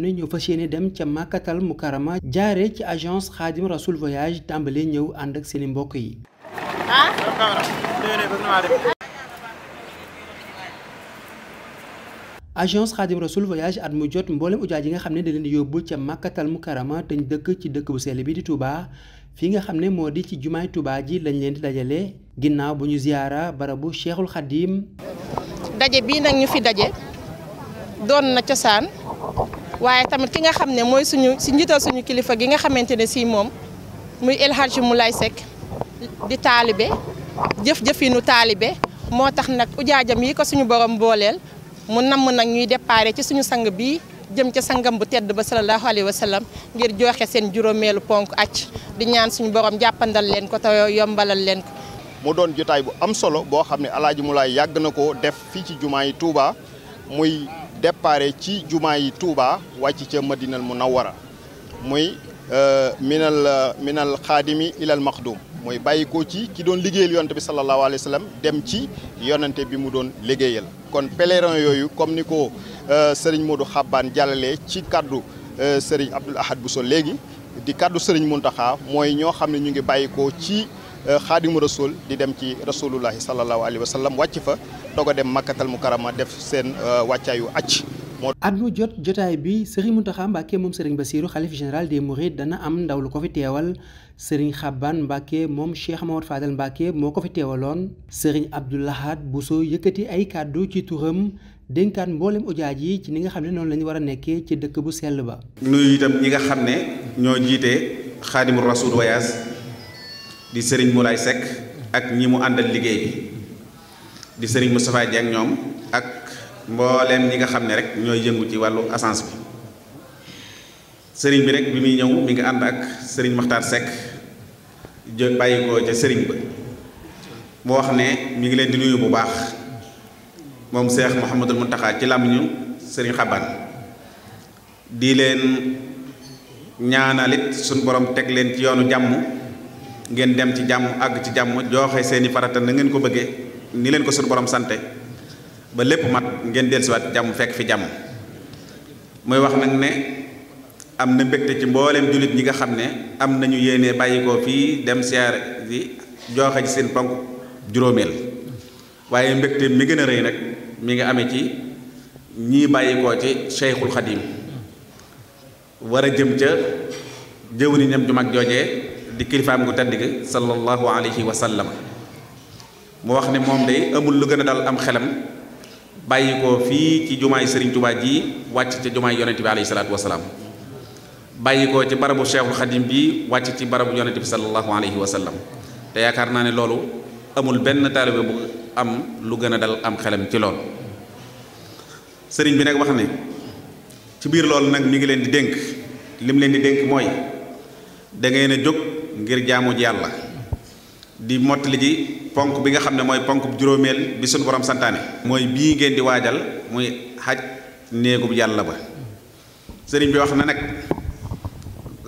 ne ñoo fas yéene dem ca màkkatal mukarama jaare ci agence xaadim rasul voyage tàmbale ñëw ànd ak seeni mbokk yi agence xaadim rasul at mu jot mboolem ujaaj yi nga xam ne da leen yóbbu ca màkkatal mukarama te dëkk ci dëkk bu sell bi di Touba fi nga xam ne moo di ci jumaay Touba ji lañ leen di dajale ginnaaw bu ñu ziyaara barabu cheikhul xadim daje bi nag ñu fi daje doon na cosaan waaye tamit ki nga xam ne mooy suñu si njiital suñu kilifa gi nga xamante ne sii moom muy El mu Moulay sekk di taalibe jëf-jëfinu taalibe moo tax nag ujaajam yi ko suñu borom booleel mu namm nag ñuy déparé ci suñu sang bi jëm ca sangam bu tedd ba sallallahu alayhi wa sallam ngir joxe seen juróomeelu ponk acc di ñaan suñu borom jàppandal leen ko te yombalal leen ko. mu doon jotaay bu am solo boo xam ne El Hadji Moulay yàgg na ko def fii ci jumaa y Touba muy. dépare ci jumaa yi Touba wàcc ca Madinal Munawwara muy euh, minal minal xaadimi ilal maxdum mooy bàyyi ci ci doon liggéeyal yonent bi sallallahu alayhi wa sallam dem ci yonante bi mu doon liggéeyal kon pèlerin yooyu comme ni ko euh, sëriñ Modou Xabbaan jàllalee ci kaddu euh, sëriñ Abdoul Ahad Bousso léegi di kaddu sëriñ Muntaxa mooy ñoo xam ne ñu ngi bàyyi ko ci xaadimu rasul di dem ci rasulullahi sallallahu alayhi wa sallam wàcc fa doog a dem makkatal mu karama def seen euh, wàccaayu acc at mu jot jotaay bi sëriñ Mountakha Mbacke moom sëriñ Bassirou xalif général des Mourides dana am ndaw lu ko fi teewal sëriñ Xaban Mbacke moom Cheikh Mamadou Fadel Mbacke moo ko fi teewaloon sëriñ Abdou bu Bousso yëkkati ay kàddu ci turam dénkaat mboolem ujaaj yi ci ni nga xam ne noonu la ñu war a nekkee ci dëkk bu sell ba. nuyu itam ñi nga xam ne ñoo jiite xaadimul rasul wayaas di sëriñ Moulay Seck ak ñi mu àndal liggéey bi. di sëriñ mu Moustapha Dieng ñoom ak mbooleem ñi nga xam ne rek ñooy yëngu ci wàllu assance bi sëriñ bi rek bi muy ñëw mi ngi ànd ak sëriñ Makhtar Seck jë bàyyi ca sëriñ ba mu wax ne mi ngi leen di luyu bu baax moom seex Cheikh mu taxaar ci ñu sëriñ Xaban di leen ñaanalit sunu boroom teg leen ci yoonu jàmm ngeen dem ci jàmm àgg ci jàmm jooxe seeni farata na ngeen ko bëggee ni leen ko suñu boroom sante ba lépp mat ngeen dellusiwaat jàmm fekk fi jàmm mooy wax nag ne am na mbégte ci mbooleem jullit ñi nga xam ne am nañu yéene bàyyi ko fii dem siyaare ji joxe ci seen ponk juróomeel waaye mbégte mi gën a rëy rek mi nga ame ci ñii bàyyi ko ci Cheikhul Khadim war a jëm ca jëwriñam ju mag joojee di kilifaam gu tedd gi sallallahu alayhi wa sallam mu wax ne moom de amul lu gën a dal am xelam bàyyi fii ci jumaay sëriñ Touba ji wàcc ca jumaay yonent bi alayhi salaatu wasalaam bàyyi ko ci barabu Cheikhul Xadim bi wàcc ci barabu yonent bi sallallahu alayhi wa sallam te yaakaar naa ne loolu amul benn taalibe bu am lu gën a dal am xelam ci lool sëriñ bi nag wax ne ci biir loolu nag mi ngi leen di dénk lim leen di dénk mooy da a jóg ngir jaamu ji yàlla di mottali ji ponk bi nga xam ne mooy ponk bu juróomeel bi suñu boroom santaane mooy bii ngeen di waajal muy xaj néegub yàlla ba sëriñ bi wax na nag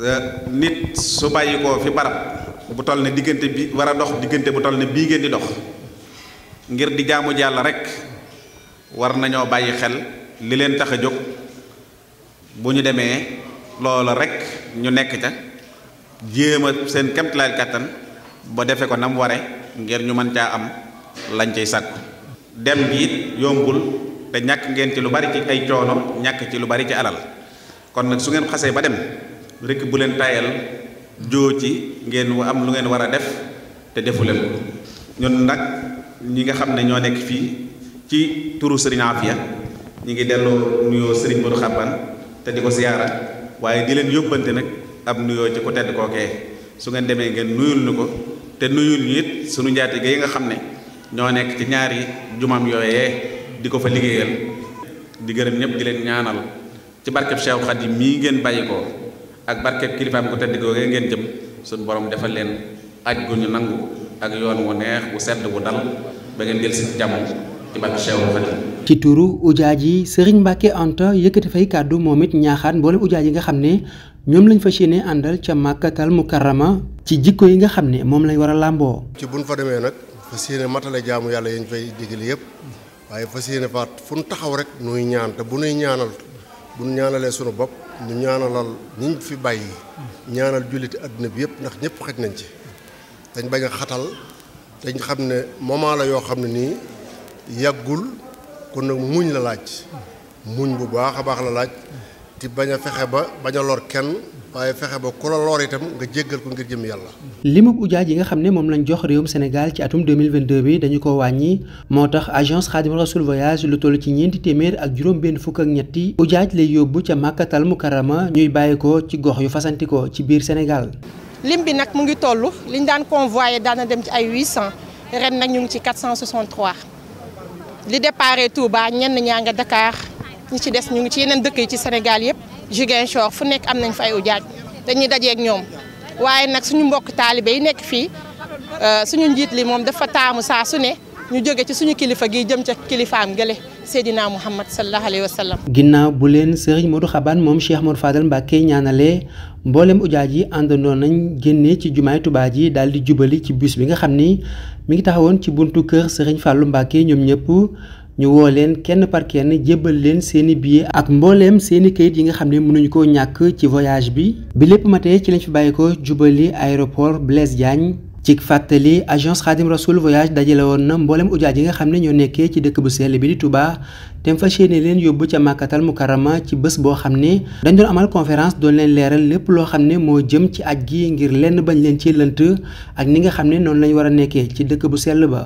euh, nit su bàyyi ko fi barab bu toll ne diggante bi war a dox diggante bu toll ne bii ngeen di dox ngir di jaamu jàll rek war nañoo bàyyi xel li leen tax a jóg bu ñu demee loola rek ñu nekk ca jéem a seen kemtalaay kàttan ba defe ko nam ware ngir ñu mën caa am lañ cay sàkku dem gi yombul te ñàkk ngeen ci lu bari ci ay coono ñàkk ci lu bari ci alal kon nag su ngeen xasee ba dem rekk bu leen tayel joo ci ngeen am lu ngeen war a def te defu leen ko ñun nag ñi nga xam ne ñoo nekk fii ci turu Serigne Afia ñu ngi delloo nuyoo Serigne Modou Xabban te di ko siyaara waaye di leen yóbbante nag ab nuyoo ci ku tedd kookee su ngeen demee ngeen nuyul ni ko te nuyul ñu it sunu njaatige yi nga xam ne ñoo nekk ci ñaari jumam yooyee di ko fa liggéeyal di gërëm ñëpp di leen ñaanal ci barkeb sew Khadim mii ngeen bàyyi ko ak barkeb kilifaam ko tedd googee ngeen jëm suñu borom defal leen aj gu ñu nangu ak yoon wu neex wu sedd bu dal ba ngeen jël si jàmm ci barkeb Cheikh Khadim ci tuuru ujaaj yi Serigne Mbacke Anta yëkkati fay kàddu moom it ñaaxaat mboolem ujaaj yi nga xam ne ñoom lañ fas yéene àndal ca màkkatal mukarrama ci jikko yi nga xam ne moom lañ war a làmboo. ci buñ fa demee nag fas yéene matale jaamu yàlla yañ fay digal yëpp waaye fas yéene faat fu taxaw rek nuy ñaan bu nuy ñaanal bu ñu sunu bopp ñu ñaanalal ñiñ fi bàyyi ñaanal julliti àdduna bi yëpp ndax ñëpp xaj nañ ci dañ bañ a xatal dañ xam ne moment la yoo xam ne nii yàggul. kon nag muñ la laaj muñ bu baax a baax la laaj ti bañ a fexe ba bañ a lor kenn waaye fexe ba ku la lor itam nga jéggal ko ngir jëm yàlla. limub ujaaj yi nga xam ne moom lañ jox réewum Sénégal ci atum 2022 bi dañu ko wàññi moo tax agence Xaadim Rasul voyage lu toll ci ñeenti téeméer ak juróom benn fukk ak ñetti ujaaj lay yóbbu ca màkkatal mukarama ñuy bàyyi ko ci gox yu fasanti ko ci biir Sénégal. lim bi nag mu ngi toll liñ daan convoyé daan na dem ci ay 800 ren nag ñu ngi ci 463. li déparé Touba ñenn ñaa nga Dakar ñi ci des ñu ngi ci yeneen dëkk yi ci Sénégal yëpp Ziguinchor fu nekk am nañ fa ay ujaaj dañuy dajeeg ñoom waaye nag suñu mbokk taalibe yi nekk fii euh, suñu njiit li moom dafa taamu saa su ne ñu jóge ci suñu kilifa gi jëm ca kilifaam gële Seydina Muhammad sallallahu alayhi wa sallam. ginnaaw bu leen sëriñ Modou Xaban moom Cheikh Modou Fadal Mbacke ñaanale mbooleem ujaaj yi àndandoon nañ génne ci jumaay Tuubaa yi daal di jubali ci bus bi nga xam ni mi ngi taxawoon ci buntu kër sëriñ Fallou Mbacke ñoom ñëpp. ñu woo leen kenn par kenn jébbal leen seeni billet ak mbooleem seeni kayit yi nga xam ne mënuñu koo ñàkk ci voyage bi bi lépp matee ci lañ fi bàyyi ko jubali aéroport Blaise Diagne ci fàttali agence Xaadim Rasoul voyage dajale woon na mboolem ujaaj yi nga xam ne ñoo nekkee ci dëkk bu sell bi di Touba te fas yéene leen yóbbu ca Màkkatal Mukarrama ci bés boo xam ne dañ doon amal conférence doon leen leeral lépp loo xam ne moo jëm ci aj gi ngir lenn bañ leen ci lënt ak ni nga xam ne noonu lañ war a nekkee ci dëkk bu sell ba